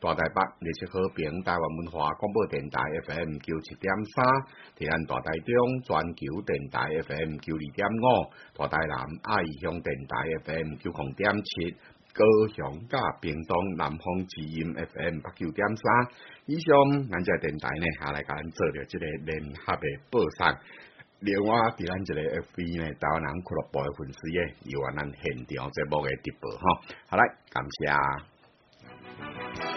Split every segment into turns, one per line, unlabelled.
大台北你是好平，台灣文化廣播電台 F M 九七點三，大台中全球電台 F M 九二點五，大台南阿二鄉電台 F M 九五點七，高雄加屏東南方之音 F M 八九點三，以上咱即電台呢，下來嚟跟做着即個聯合嘅播送。另外，俾咱即個 F B 呢，台灣人俱樂部嘅粉絲嘅，由咱現場節目嘅直播哈，好來感謝。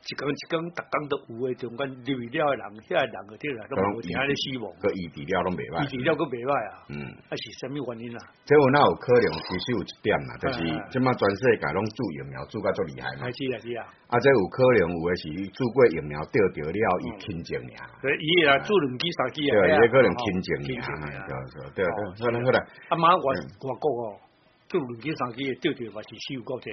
一缸一缸，特缸都有誒，中間離離了誒，人，即係人個啲啦，都冇其他咧死亡，
個異地了都未壞，異地了佫未壞啊，嗯，還、
啊、是蝦米原因啊？
即有哪有可能，其實有一點啦，就是即馬、啊啊啊、全世界攏注疫苗注甲足厲害
嘛，係啊，啊是啊，
啊即有可能有誒是注過疫苗掉掉了以後伊親情呀，
對伊啊注兩劑三劑，對，也、啊、可能親情呀，對對對，可能可能，阿、嗯啊啊、媽我、嗯、我講哦，注兩劑三劑掉掉還是有效果的。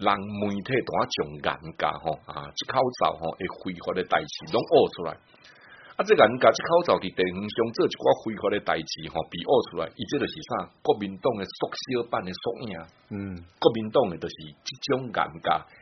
人媒體同阿講尷尬吼啊，即口罩吼、喔、會揮發的代志攏挖出來，啊，即尷尬，即口罩佇地方上，做一寡揮發的代志吼被挖出來，伊即就是啥？國民黨嘅縮小版嘅縮影，嗯，國民黨嘅就是即種尷尬。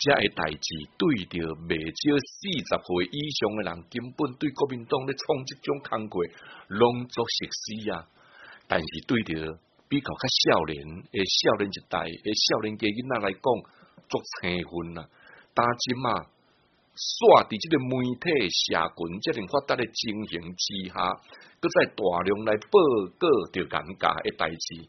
這嘅代志，對着未少四十歲以上嘅人，根本對國民黨咧創這種坑鬼攏作實施啊！但是對著比較較少年，誒，少年一代，誒，少年家囡仔來講，作興奮啊！當今啊，刷佇這個媒體的社群這樣發達嘅情形之下，佫再大量來報告著嚴格嘅代志。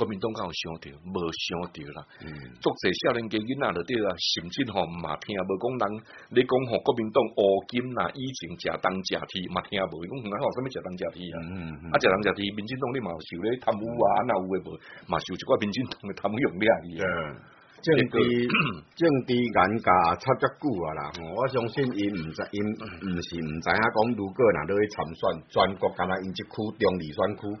國民黨敢有想調，無想調啦。嗯，足濟少年家囝仔着啲啊，甚至乎毋嘛聽，無、啊、講人咧。你講吼國民黨烏金啦，以前食東食西，嘛，聽無伊講唔係啥物食東食西啊，啊食東食西，民進黨你嘛有受咧，貪污啊，有誒無嘛受一掛民進黨誒貪污用伊嘢？政治政治眼界差得久啊啦！我相信伊
毋知因毋 是毋知影講如果若都參選全國，敢若因即區中二選區。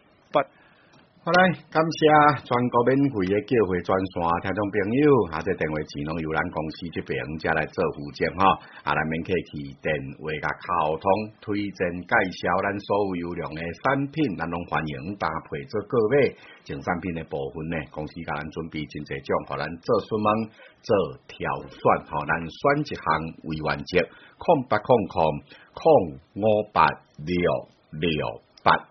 好咧，感謝全國免費嘅叫貨專線聽眾朋友，或、啊、者、這個、電話智能由咱公司這邊再來做負責。哈，啊來免、啊、客氣，電話溝通推薦介紹咱所有優良嘅產品，咱攏歡迎搭配做購買。整產品嘅部分呢，公司家咱準備真儕種，可能做詢問、做挑選，哈、啊，咱選一項未完結，空八空空空，五八六六八。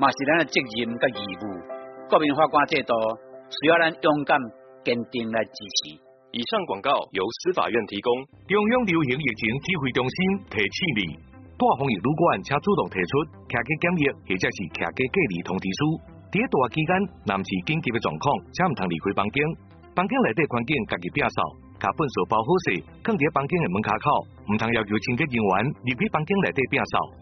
嘛是咱的責任甲義務，國民法官制度，需要咱勇敢堅定來支持。
以上廣告由司法院提供。中央流行疫情指揮中心提示你，大防疫旅館且主動提出客機檢疫或者是客機隔離通知書。第一大期間，男士緊急的
狀況，且唔通離開房間。房間內底環境，家己打掃，甲糞掃包好勢，放佇個房間嘅門下口，唔通要求清潔人員離開房間內底打掃。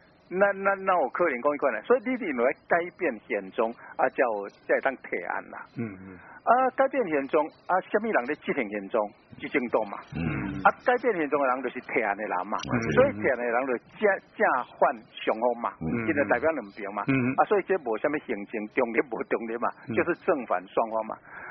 那那那我可能講一句咧，所以你認為改變現狀啊，就再當提案啦、啊。嗯嗯。啊，改變現狀啊，蝦米人咧執行現狀就行動嘛。嗯嗯。啊，改變現狀嘅人就是提案的人嘛。嗯嗯，所以提案的人就正正反雙方嘛。嗯嗯。即個代表兩邊嘛。嗯嗯。啊，所以即冇蝦米行政中立冇中立嘛，就是正反雙方嘛。嗯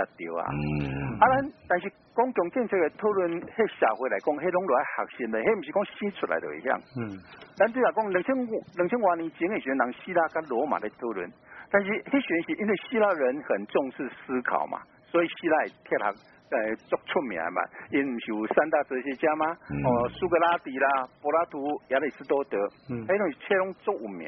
對啊！嗯，啊，咱但是公共政策嘅討論，喺社會來講，係攏落喺核心咧，係唔是講生出來就一樣。嗯，咱對外講，兩千五兩千多年前的時陣，希臘跟羅馬嘅討論，但是，迄時陣是因為希臘人很重視思考嘛，所以希臘希臘誒，足、呃、出名嘛，因唔是有三大哲學家嗎？哦、嗯，蘇、呃、格拉底啦，柏拉圖，亞里士多德，嗯，誒，種係切攏足出名。